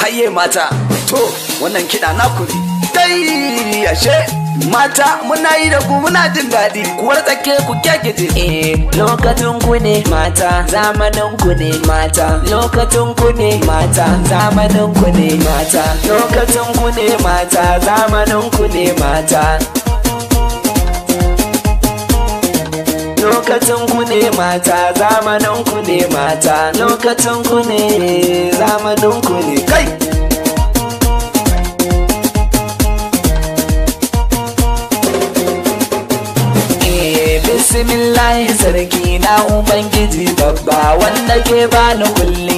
haye mata to wannan kiɗa na ku dai ashe mata muna yi da ku muna jin daɗi ku tsake ku kyakyaje eh lokacin ku ne mata zamanin ku ne mata lokacin ku ne mata zamanin ku ne mata lokacin ku ne mata zamanin ku ne mata lokacin ku ne mata zamanin ku ne mata lokacin ku ne zamanin ku ne kai eh, bismillah sarki na ubangiji babba wanda ke bani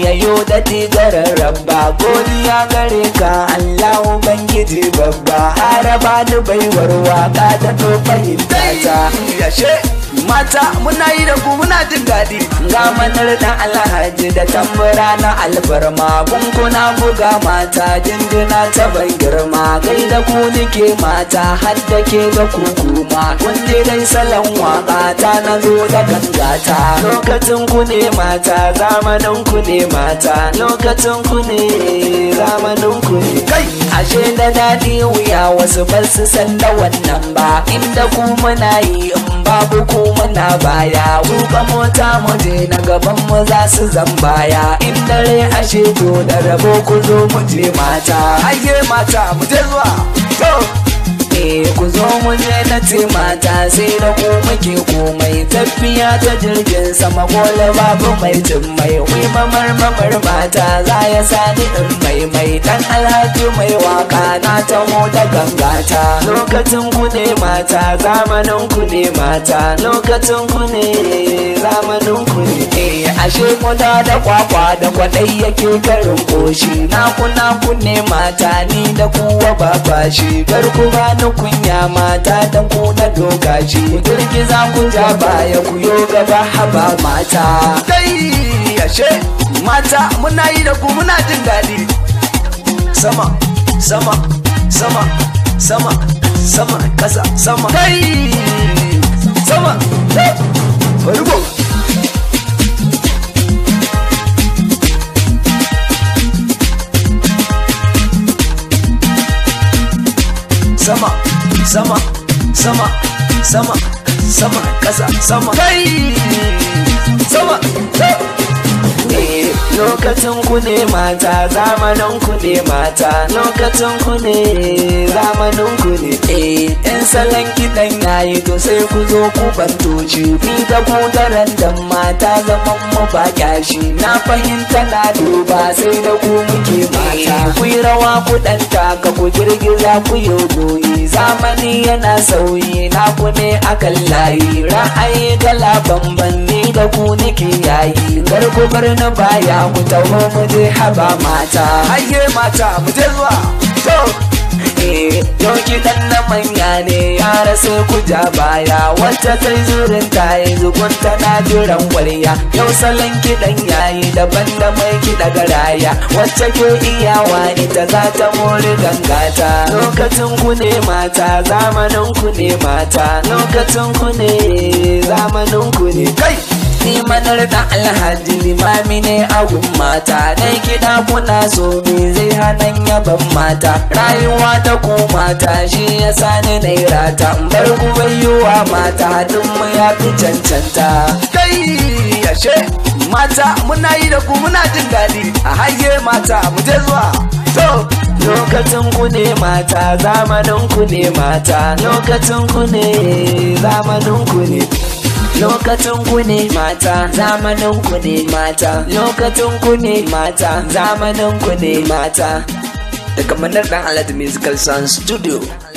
yayo da tijarar rabba godiya gare ka allah ubangiji babba haraba ni baiwar waka da to fahimtata ta yashe mata muna yi da ku muna jin daɗi ga manar dan alhaji da tambura na alfarma kunkuna buga mata jinjina ta ban girma kai da ku nike mata har da ke da ku kuma kun dai salon waka ta na zo da gangata lokacin ku ne mata zamanin ku ne mata lokacin ku ne zamanin ku ne kai ashe da daɗi wuya wasu ba su san da wannan ba inda ku muna yi babu kuma na baya Buka mota muje na gaban mu za su zambaya In dare ashe to da rabo ku zo muje mata Ayye mata muje zuwa ne ku zo mu je na mata sai da ku muke komai tafiya ta jirgin sama kola babu mai cin mai wai mamar mamar mata za ya sani in mai mai dan alhaji mai waka na taho da gangata lokacin ku ne mata zamanin ku ne mata lokacin ku ne murmula da kwakwa da kwaɗai yake garin ƙoshi na kuna kunne mata ni da kuwa ba fashi bar ku ni kunya mata dan ku na doka shi ku girgiza ku ja baya ku yo gaba haba mata kai ashe mata muna yi da ku muna jin daɗi sama sama sama sama sama kasa sama kai sama Hey! Eh, bari sama sama sama sama kasa sama kai sama lokacin ku ne mata zamanin ku ne mata lokacin ku ne zamanin ku ne eh yan salon kidan yayi to sai ku zo ku bantoci ni da ku daren dan mata zaman mu ba kyashi na fahimta na duba sai da ku muke ba. rawa ku ɗan taka ku girgiza ku yi goyi zamani yana sauyi na ku ne akan layi ra'ayi gala bamban ni da ku nake yayi bar na baya ku taho mu je haba mata hayye mata mu je zuwa yau kiɗan na manya ne ya sai ku ja baya wacce ta yi zurin ta yi zugun na jiran kwarya yau salon kiɗan yayi daban da mai kiɗa garaya wacce ke iyawa ita za ta muri gangata lokacin ku ne mata zamanin ku ne mata lokacin ku ne zamanin ku ne kai ni manar da alhaji limami ne agun mata dai kiɗa kuna so me zai hanan yaban mata rayuwa ta ku mata shi ya sani naira rata bar ku mata duk mu ya fi cancanta kai yashe mata muna yi da ku muna jin daɗi a haye mata mu je zuwa to lokacin ku ne mata zamanin ku ne mata lokacin ku ne zamanin ku ne lokacin ku ne mata zamanin ku ne mata lokacin ku ne mata zamanin ku ne mata da kamanar dan alhaji musical sound studio